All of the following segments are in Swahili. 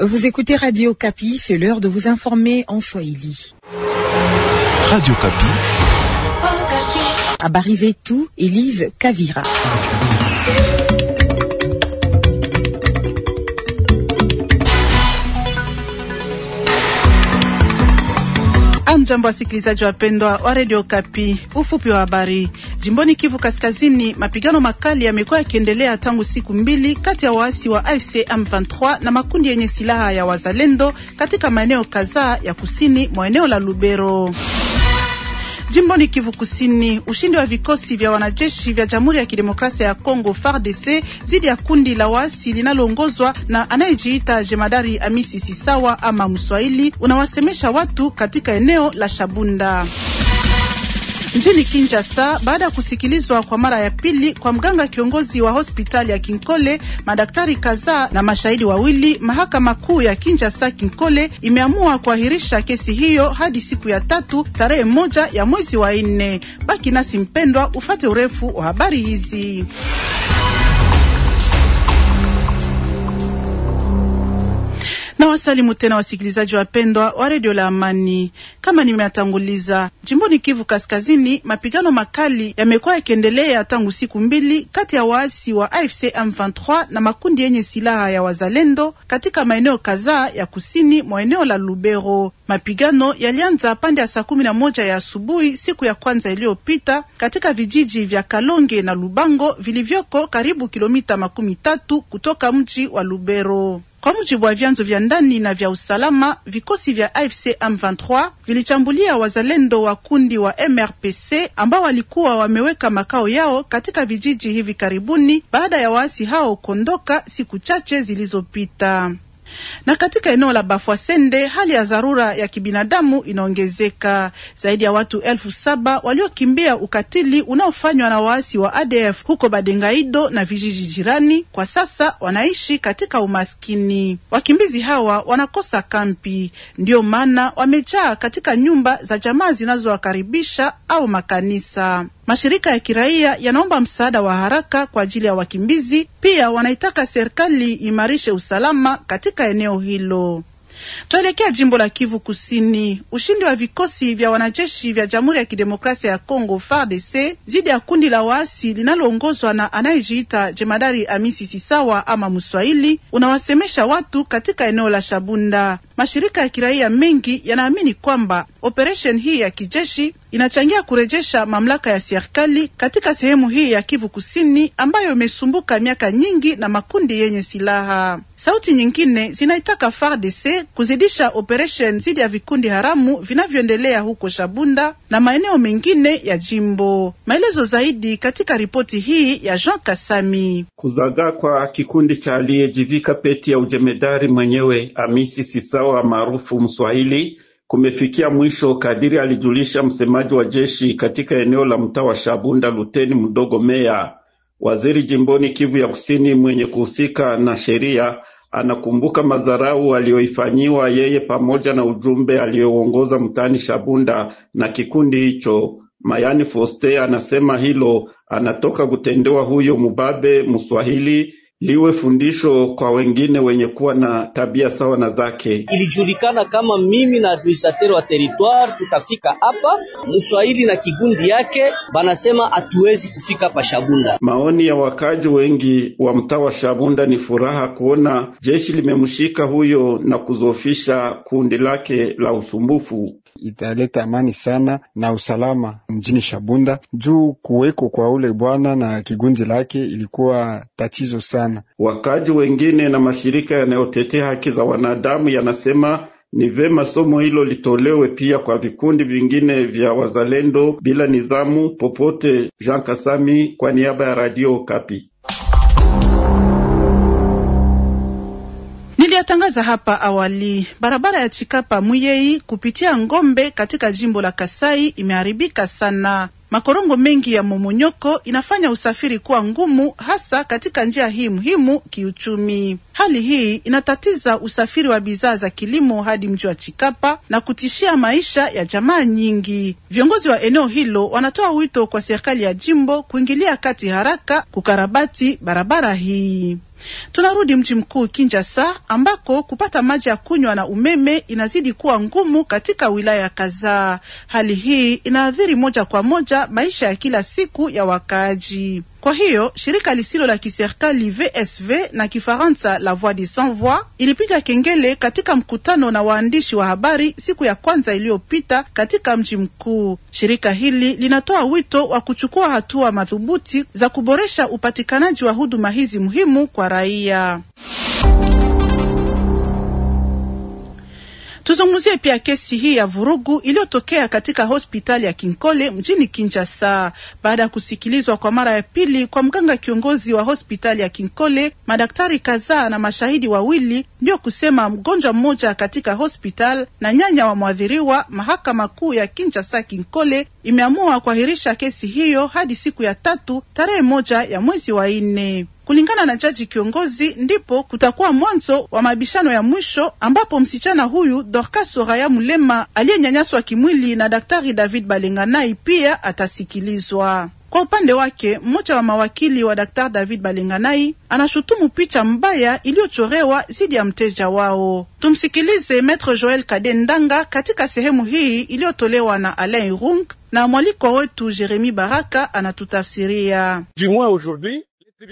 Vous écoutez Radio Capi, c'est l'heure de vous informer en Swahili. Radio Capi. À tout, Elise Kavira. Hamjambo, wasikilizaji wapendwa wa redio Kapi. Ufupi wa habari. Jimboni Kivu Kaskazini, mapigano makali yamekuwa yakiendelea tangu siku mbili kati ya waasi wa AFC M23 na makundi yenye silaha ya wazalendo katika maeneo kadhaa ya kusini mwa eneo la Lubero. Jimboni Kivu Kusini, ushindi wa vikosi vya wanajeshi vya Jamhuri ya Kidemokrasia ya Kongo FARDC dhidi ya kundi la waasi linaloongozwa na anayejiita jemadari Amisi Sisawa ama Mswahili unawasemesha watu katika eneo la Shabunda. Mjini Kinshasa, baada ya kusikilizwa kwa mara ya pili kwa mganga kiongozi wa hospitali ya Kinkole, madaktari kadhaa na mashahidi wawili, mahakama kuu ya Kinshasa Kinkole imeamua kuahirisha kesi hiyo hadi siku ya tatu tarehe moja ya mwezi wa nne. Baki nasi mpendwa, ufate urefu wa habari hizi. na wasalimu tena wasikilizaji wapendwa wa redio la Amani. Kama nimeatanguliza, jimboni Kivu Kaskazini, mapigano makali yamekuwa yakiendelea tangu siku mbili kati ya waasi wa AFC M23 na makundi yenye silaha ya wazalendo katika maeneo kadhaa ya kusini mwa eneo la Lubero. Mapigano yalianza pande ya saa kumi na moja ya asubuhi siku ya kwanza iliyopita katika vijiji vya Kalonge na Lubango vilivyoko karibu kilomita makumi tatu kutoka mji wa Lubero. Kwa mujibu wa vyanzo vya ndani na vya usalama, vikosi vya AFC M23 vilichambulia wazalendo wa kundi wa MRPC ambao walikuwa wameweka makao yao katika vijiji hivi karibuni baada ya waasi hao kuondoka siku chache zilizopita. Na katika eneo la Sende, hali ya dharura ya kibinadamu inaongezeka. Zaidi ya watu elfu saba waliokimbia ukatili unaofanywa na waasi wa ADF huko Badengaido na vijiji jirani, kwa sasa wanaishi katika umaskini. Wakimbizi hawa wanakosa kampi, ndiyo maana wamejaa katika nyumba za jamaa zinazowakaribisha au makanisa. Mashirika ya kiraia yanaomba msaada wa haraka kwa ajili ya wakimbizi. Pia wanaitaka serikali imarishe usalama katika eneo hilo. Tuelekea jimbo la Kivu Kusini. Ushindi wa vikosi vya wanajeshi vya Jamhuri ya Kidemokrasia ya Congo, FARDC dhidi ya kundi la waasi linaloongozwa na anayejiita jemadari Amisi Sisawa ama Mswahili unawasemesha watu katika eneo la Shabunda mashirika ya kiraia mengi yanaamini kwamba operesheni hii ya kijeshi inachangia kurejesha mamlaka ya serikali katika sehemu hii ya Kivu Kusini ambayo imesumbuka miaka nyingi na makundi yenye silaha. Sauti nyingine zinaitaka FARDC kuzidisha operesheni dhidi ya vikundi haramu vinavyoendelea huko Shabunda na maeneo mengine ya jimbo. Maelezo zaidi katika ripoti hii ya Jean Kasami. Kuzagaa kwa kikundi cha aliyejivika peti ya ujemedari mwenyewe Amisi Sisao Mkwawa maarufu Mswahili kumefikia mwisho kadiri alijulisha msemaji wa jeshi katika eneo la mtaa wa Shabunda Luteni Mdogo Meya. Waziri jimboni Kivu ya Kusini mwenye kuhusika na sheria anakumbuka madharau aliyoifanyiwa yeye pamoja na ujumbe aliyoongoza mtaani Shabunda na kikundi hicho. Mayani Foste anasema hilo anatoka kutendewa huyo mubabe Mswahili liwe fundisho kwa wengine wenye kuwa na tabia sawa na zake. Ilijulikana kama mimi na administrateur wa territoire tutafika hapa, Mswahili na kigundi yake banasema hatuwezi kufika pa Shabunda. Maoni ya wakaji wengi wa mtaa wa Shabunda ni furaha kuona jeshi limemshika huyo na kuzofisha kundi lake la usumbufu. Italeta amani sana na usalama mjini Shabunda juu kuweko kwa ule bwana na kigundi lake ilikuwa tatizo sana sana. Wakaji wengine na mashirika yanayotetea haki za wanadamu yanasema ni vema somo hilo litolewe pia kwa vikundi vingine vya wazalendo bila nizamu popote. Jean Kasami kwa niaba ya Radio Kapi. Niliyatangaza hapa awali, barabara ya Chikapa Muyei kupitia Ngombe katika jimbo la Kasai imeharibika sana. Makorongo mengi ya momonyoko inafanya usafiri kuwa ngumu, hasa katika njia hii muhimu kiuchumi. Hali hii inatatiza usafiri wa bidhaa za kilimo hadi mji wa Chikapa na kutishia maisha ya jamaa nyingi. Viongozi wa eneo hilo wanatoa wito kwa serikali ya jimbo kuingilia kati haraka kukarabati barabara hii. Tunarudi mji mkuu sa ambako kupata maji ya kunywa na umeme inazidi kuwa ngumu katika wilaya kadhaa. Hali hii inaathiri moja kwa moja maisha ya kila siku ya wakaaji. Kwa hiyo shirika lisilo la kiserikali VSV na Kifaransa la Voix des Sans Voix ilipiga kengele katika mkutano na waandishi wa habari siku ya kwanza iliyopita katika mji mkuu. Shirika hili linatoa wito wa kuchukua hatua madhubuti za kuboresha upatikanaji wa huduma hizi muhimu kwa raia. Tuzungumzie pia kesi hii ya vurugu iliyotokea katika hospitali ya Kinkole mjini Kinshasa. Baada ya kusikilizwa kwa mara ya pili kwa mganga kiongozi wa hospitali ya Kinkole, madaktari kadhaa na mashahidi wawili, ndio kusema mgonjwa mmoja katika hospitali na nyanya wa mwathiriwa, mahakama kuu ya Kinshasa Kinkole imeamua kuahirisha kesi hiyo hadi siku ya tatu tarehe moja ya mwezi wa nne. Kulingana na jaji kiongozi, ndipo kutakuwa mwanzo wa mabishano ya mwisho ambapo msichana huyu Dorcas oraya Mulema aliyenyanyaswa kimwili na Daktari David Balenganai pia atasikilizwa. Kwa upande wake mmoja wa mawakili wa Daktari David Balenganai anashutumu picha mbaya iliyochorewa dhidi ya mteja wao. Tumsikilize Maitre Joel Kade Ndanga katika sehemu hii iliyotolewa na Alain Rung na mwalikwa wetu Jeremi Baraka anatutafsiria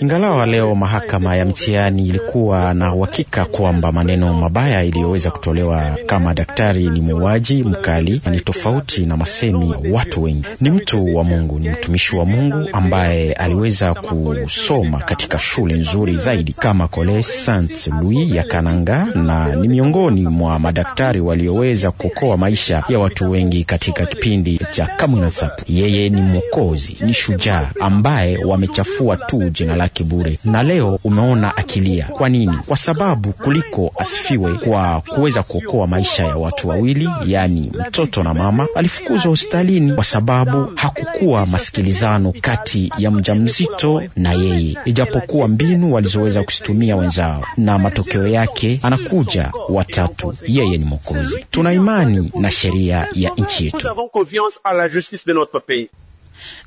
ingalawa leo mahakama ya mtihani ilikuwa na uhakika kwamba maneno mabaya iliyoweza kutolewa kama daktari ni muuaji mkali, ni tofauti na masemi watu wengi. Ni mtu wa Mungu, ni mtumishi wa Mungu ambaye aliweza kusoma katika shule nzuri zaidi kama College Saint Louis ya Kananga, na ni miongoni mwa madaktari walioweza kuokoa maisha ya watu wengi katika kipindi cha Kamwina Nsapu. Yeye ni mwokozi, ni shujaa ambaye wamechafua tu jina lake bure, na leo umeona akilia. Kwa nini? Kwa sababu kuliko asifiwe kwa kuweza kuokoa maisha ya watu wawili, yaani mtoto na mama, alifukuzwa hospitalini kwa sababu hakukuwa masikilizano kati ya mjamzito na yeye, ijapokuwa mbinu walizoweza kusitumia wenzao, na matokeo yake anakuja watatu, yeye ni Mwokozi. Tuna imani na sheria ya nchi yetu.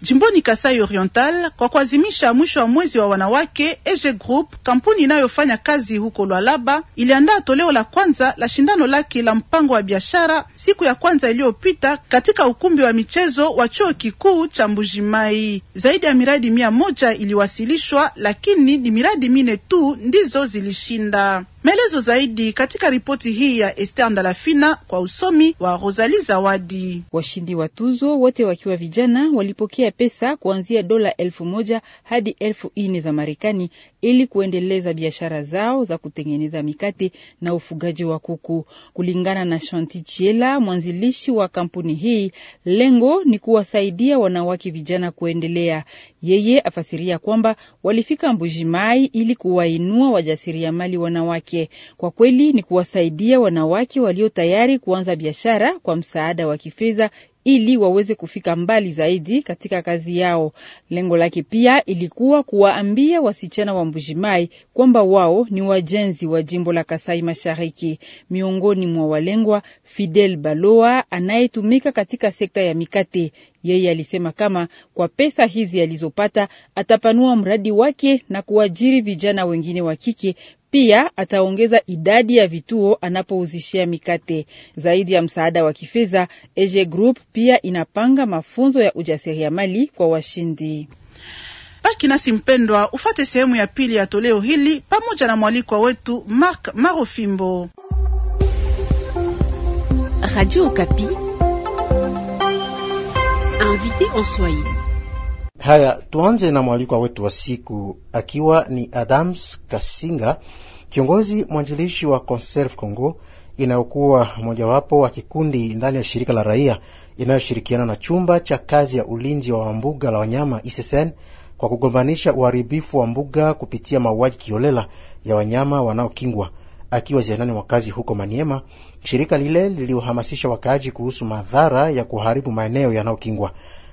Jimboni Kasai Oriental, kwa kuazimisha mwisho wa mwezi wa wanawake, EG Group, kampuni inayofanya kazi huko Lwalaba, iliandaa toleo la kwanza la shindano lake la mpango wa biashara siku ya kwanza iliyopita katika ukumbi wa michezo wa chuo kikuu cha Mbujimai. Zaidi ya miradi mia moja iliwasilishwa, lakini ni miradi mine tu ndizo zilishinda. Maelezo zaidi katika ripoti hii ya Esther Ndalafina kwa usomi wa Rosalie Zawadi. Washindi wa tuzo wote wakiwa vijana walipokea pesa kuanzia dola elfu moja hadi elfu ine za Marekani ili kuendeleza biashara zao za kutengeneza mikate na ufugaji wa kuku. Kulingana na Shanti Chiela, mwanzilishi wa kampuni hii, lengo ni kuwasaidia wanawake vijana kuendelea. Yeye afasiria kwamba walifika Mbujimai ili kuwainua wajasiriamali wanawake wake. Kwa kweli ni kuwasaidia wanawake walio tayari kuanza biashara kwa msaada wa kifedha ili waweze kufika mbali zaidi katika kazi yao. Lengo lake pia ilikuwa kuwaambia wasichana wa Mbujimai kwamba wao ni wajenzi wa jimbo la Kasai Mashariki. Miongoni mwa walengwa, Fidel Baloa anayetumika katika sekta ya mikate yeye alisema kama kwa pesa hizi alizopata atapanua mradi wake na kuajiri vijana wengine wa kike. Pia ataongeza idadi ya vituo anapouzishia mikate. Zaidi ya msaada wa kifedha, Ege Group pia inapanga mafunzo ya ujasiriamali kwa washindi. Baki nasi mpendwa, ufate sehemu ya pili ya toleo hili pamoja na mwalikwa wetu Mark Marofimbo, Radio Kapi. Invité en Swahili. Haya, tuanze na mwalikwa wetu wa siku akiwa ni Adams Kasinga, kiongozi mwanjilishi wa Conserve Congo inayokuwa mojawapo wa kikundi ndani ya shirika la raia inayoshirikiana na chumba cha kazi ya ulinzi wa mbuga la wanyama ISSN kwa kugombanisha uharibifu wa mbuga kupitia mauaji kiolela ya wanyama wanaokingwa akiwa ziarani wakazi huko Maniema, shirika lile liliohamasisha wakaaji kuhusu madhara ya kuharibu maeneo yanayokingwa.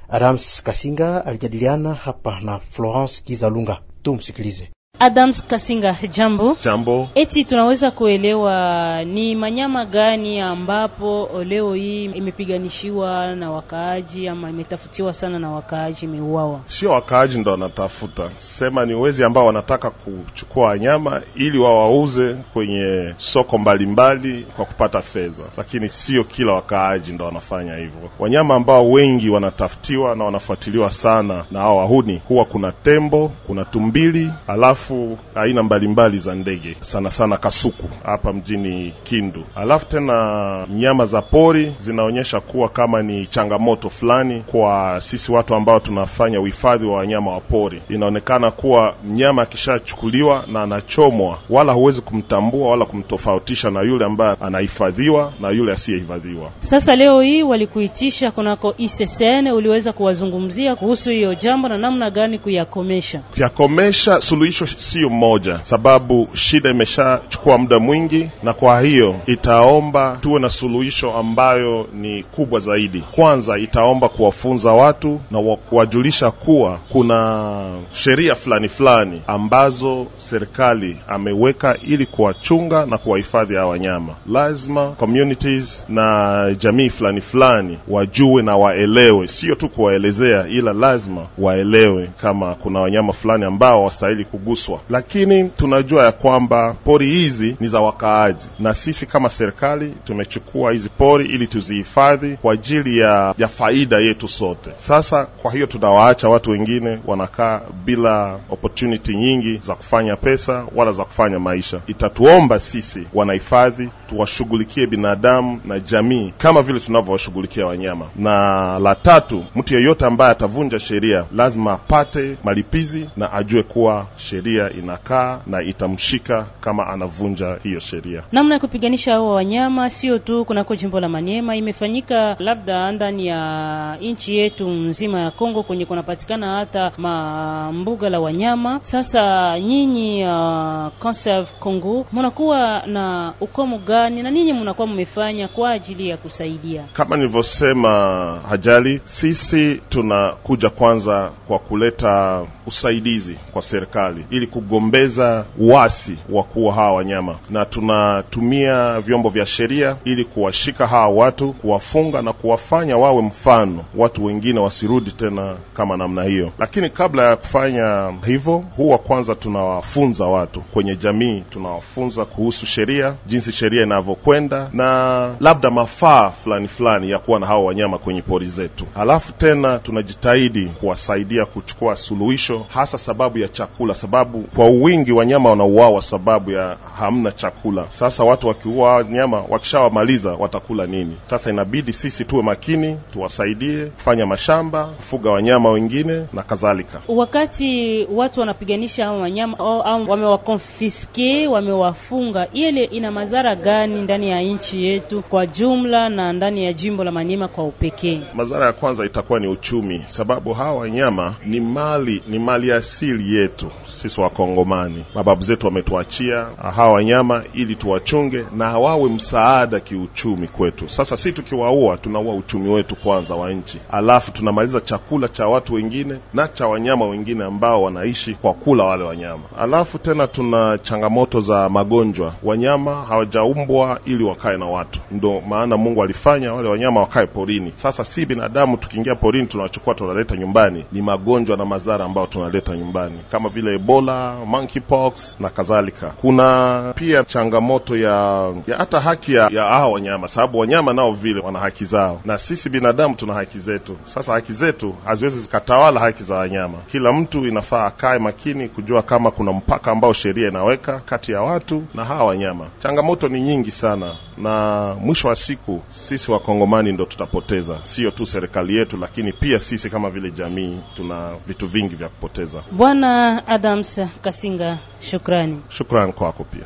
Adams Kasinga alijadiliana hapa na Florence Kizalunga, tumsikilize. Adams Kasinga, jambo. Jambo. Eti tunaweza kuelewa ni manyama gani ambapo leo hii imepiganishiwa na wakaaji ama imetafutiwa sana na wakaaji, imeuawa? Sio wakaaji ndo wanatafuta, sema ni wezi ambao wanataka kuchukua wanyama ili wawauze kwenye soko mbalimbali mbali kwa kupata fedha, lakini sio kila wakaaji ndo wanafanya hivyo. Wanyama ambao wengi wanatafutiwa na wanafuatiliwa sana na hao wahuni huwa kuna tembo, kuna tumbili alafu alafu aina mbalimbali za ndege, sana sana kasuku hapa mjini Kindu. Alafu tena nyama za pori zinaonyesha kuwa kama ni changamoto fulani kwa sisi watu ambao tunafanya uhifadhi wa wanyama wa pori. Inaonekana kuwa mnyama akishachukuliwa na anachomwa, wala huwezi kumtambua wala kumtofautisha na yule ambaye anahifadhiwa na yule asiyehifadhiwa. Sasa leo hii walikuitisha kunako ISSN, e uliweza kuwazungumzia kuhusu hiyo jambo na namna gani kuyakomesha? Kuyakomesha, suluhisho sio mmoja, sababu shida imeshachukua muda mwingi, na kwa hiyo itaomba tuwe na suluhisho ambayo ni kubwa zaidi. Kwanza itaomba kuwafunza watu na kuwajulisha kuwa kuna sheria fulani fulani ambazo serikali ameweka ili kuwachunga na kuwahifadhi hawa wanyama. Lazima communities na jamii fulani fulani wajue na waelewe, sio tu kuwaelezea, ila lazima waelewe kama kuna wanyama fulani ambao wastahili kuguswa haswa, lakini tunajua ya kwamba pori hizi ni za wakaaji, na sisi kama serikali tumechukua hizi pori ili tuzihifadhi kwa ajili ya, ya faida yetu sote. Sasa kwa hiyo tunawaacha watu wengine wanakaa bila opportunity nyingi za kufanya pesa wala za kufanya maisha. Itatuomba sisi wanahifadhi tuwashughulikie binadamu na jamii kama vile tunavyowashughulikia wanyama. Na la tatu, mtu yeyote ambaye atavunja sheria lazima apate malipizi na ajue kuwa sheria sheria inakaa na itamshika kama anavunja hiyo sheria. Namna ya kupiganisha hao wanyama sio tu kunako jimbo la Manyema, imefanyika labda ndani ya nchi yetu nzima ya Kongo kwenye kunapatikana hata mambuga la wanyama. Sasa nyinyi uh, Conserve Congo mnakuwa na ukomo gani na ninyi mnakuwa mmefanya kwa ajili ya kusaidia? Kama nilivyosema, hajali sisi tunakuja kwanza kwa kuleta usaidizi kwa serikali ili ili kugombeza uasi wa kuwa hawa wanyama, na tunatumia vyombo vya sheria ili kuwashika hawa watu, kuwafunga na kuwafanya wawe mfano, watu wengine wasirudi tena kama namna hiyo. Lakini kabla ya kufanya hivyo, huwa kwanza tunawafunza watu kwenye jamii, tunawafunza kuhusu sheria, jinsi sheria inavyokwenda na labda mafaa fulani fulani ya kuwa na hawa wanyama kwenye pori zetu. Halafu tena tunajitahidi kuwasaidia kuchukua suluhisho, hasa sababu ya chakula, sababu sababu kwa wingi wanyama wanauawa sababu ya hamna chakula. Sasa watu wakiua wanyama, wakishawamaliza watakula nini? Sasa inabidi sisi tuwe makini, tuwasaidie kufanya mashamba, kufuga wanyama wengine na kadhalika. Wakati watu wanapiganisha hao wanyama au wamewakonfiske, wamewafunga, ile ina madhara gani ndani ya nchi yetu kwa jumla na ndani ya jimbo la Manyema kwa upekee? Madhara ya kwanza itakuwa ni uchumi, sababu hawa wanyama ni mali, ni mali asili yetu sisi sisi Wakongomani. Mababu zetu wametuachia hawa wanyama ili tuwachunge na hawawe msaada kiuchumi kwetu. Sasa si tukiwaua tunaua uchumi wetu kwanza wa nchi, alafu tunamaliza chakula cha watu wengine na cha wanyama wengine ambao wanaishi kwa kula wale wanyama. Alafu tena tuna changamoto za magonjwa. Wanyama hawajaumbwa ili wakae na watu, ndo maana Mungu alifanya wale wanyama wakae porini. Sasa si binadamu tukiingia porini tunawachukua tunaleta nyumbani, ni magonjwa na madhara ambayo tunaleta nyumbani kama vile Ebola Ebola, monkeypox na kadhalika. Kuna pia changamoto ya, ya hata haki ya, ya hao wanyama, sababu wanyama nao vile wana haki zao na sisi binadamu tuna haki zetu. Sasa haki zetu haziwezi zikatawala haki za wanyama. Kila mtu inafaa akae makini kujua kama kuna mpaka ambao sheria inaweka kati ya watu na hawa wanyama. Changamoto ni nyingi sana, na mwisho wa siku sisi wakongomani ndo tutapoteza, sio tu serikali yetu, lakini pia sisi kama vile jamii tuna vitu vingi vya kupoteza. Bwana Adams Musa Kasinga, shukrani. Shukrani kwako pia.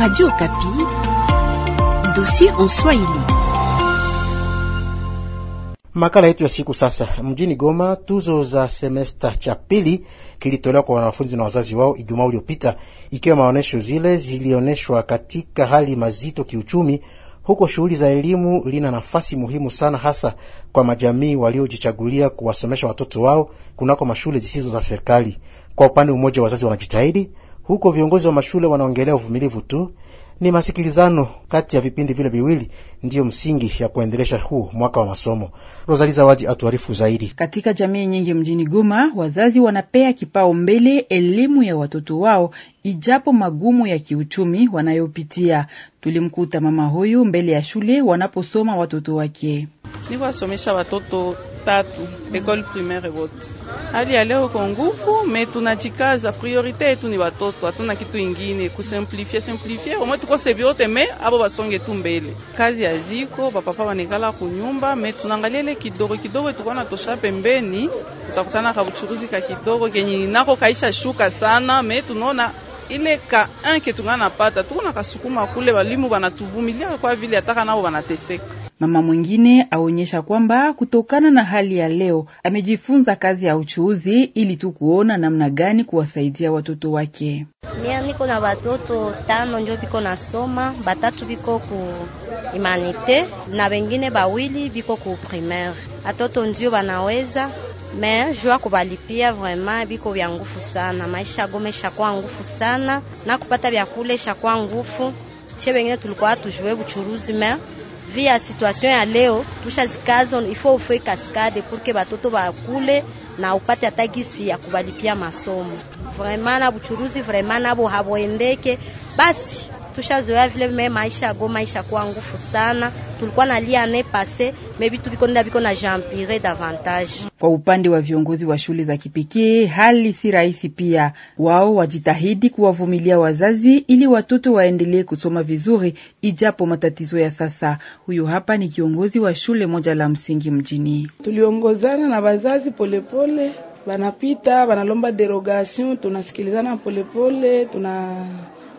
Radio Kapi, dossier en Swahili. Makala yetu ya siku sasa. Mjini Goma, tuzo za semesta cha pili kilitolewa kwa wanafunzi na wazazi wao Ijumaa uliopita, ikiwa maonyesho zile zilionyeshwa katika hali mazito kiuchumi huko shughuli za elimu lina nafasi muhimu sana, hasa kwa majamii waliojichagulia kuwasomesha watoto wao kunako mashule zisizo za serikali. Kwa upande mmoja, wazazi wanajitahidi huko, viongozi wa mashule wanaongelea uvumilivu tu ni masikilizano kati ya vipindi vile viwili ndiyo msingi ya kuendelesha huu mwaka wa masomo. Rozali Zawadi atuarifu zaidi. Katika jamii nyingi mjini Goma, wazazi wanapea kipao mbele elimu ya watoto wao, ijapo magumu ya kiuchumi wanayopitia. Tulimkuta mama huyu mbele ya shule wanaposoma watoto wake. Niko wasomesha watoto tatu ekoli primaire wote. Hali ya leo kwa nguvu me tunajikaza, priorite yetu ni watoto, hatuna kitu ingine kusimplifie simplifie omwe tukose vyote me abo basonge tu mbele. Kazi aziko bapapa banekala kunyumba me tunangalia ile kidogo kidogo tukona tosha pembeni, tutakutana ka buchuruzi ka kidogo kenye nako kaisha shuka sana me tunaona ile ka anke tungana pata tukona kasukuma kule, walimu banatuvumilia kwa vile ataka nao banateseka Mama mwingine aonyesha kwamba kutokana na hali ya leo amejifunza kazi ya uchuuzi ili tu kuona namna gani kuwasaidia watoto wake. Mia niko na watoto tano njo viko nasoma, batatu viko ku imanite na wengine bawili viko ku primaire. Watoto ndio wanaweza me jua kubalipia vraiment biko vya ngufu sana, maisha gome shakuwa ngufu sana na kupata vyakule shakuwa ngufu. She wengine tulikuwa tujue buchuruzi me via situation ya leo tushazikaza, ifo ufoe kaskade purke batoto bakule na upate hata gisi ya kubalipia masomo. Vraiment na buchuruzi vraiment nabo haboendeke basi tushazoea vile me maisha go maisha kwa ngufu sana, tulikuwa na lia ne pase maybe tuliko nda biko na jampire davantage. Kwa upande wa viongozi wa shule za kipekee, hali si rahisi pia, wao wajitahidi kuwavumilia wazazi ili watoto waendelee kusoma vizuri ijapo matatizo ya sasa. Huyu hapa ni kiongozi wa shule moja la msingi mjini. Tuliongozana na wazazi polepole, wanapita wanalomba derogation, tunasikilizana polepole, tuna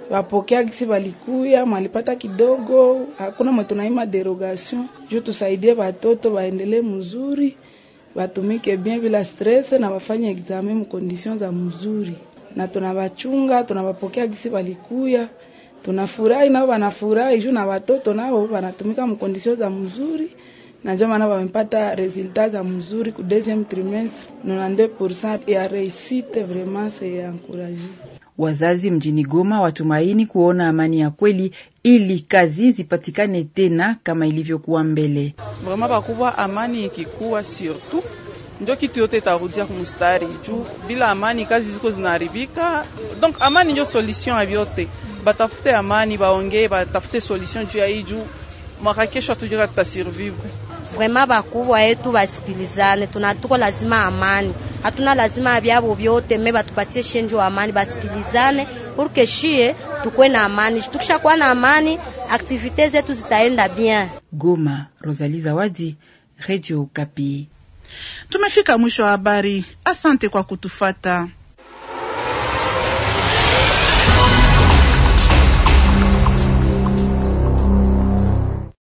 wapokeagisi walikuya mwalipata kidogo, hakuna mwetunaima derogation juu tusaidie watoto waendelee mzuri, watumike bien bila stress na wafanye exame mkondision za mzuri, na tunawachunga tunawapokea gisi walikuya. Tunafurahi nao wanafurahi juu na watoto nao wanatumika mkondision za mzuri na jamaa nao wamepata resultat za mzuri ku deuxième trimestre 92% ya réussite, vraiment c'est encourageant. Wazazi mjini Goma watumaini kuona amani ya kweli ili kazi zipatikane tena kama ilivyokuwa mbele. Mama bakubwa, amani ikikuwa surtout njo kitu yote itarudia kumustari juu bila amani kazi ziko zinaharibika. Donc amani njo solution ya vyote, batafute amani, baongee, batafute solution juu ya hii juu mwaka kesho hatujua tutasurvive. Vrema bakubwa yetu basikilizane, tunatuko lazima amani hatuna lazima ya vyote, mme batupatie shenjo amani, basikilizane purke shie tukwe na amani. Tukishakuwa na amani, aktivite zetu zitaenda bien. Goma, Rosalie Zawadi, Radio Kapi. Tumefika mwisho wa habari. Asante kwa kutufata.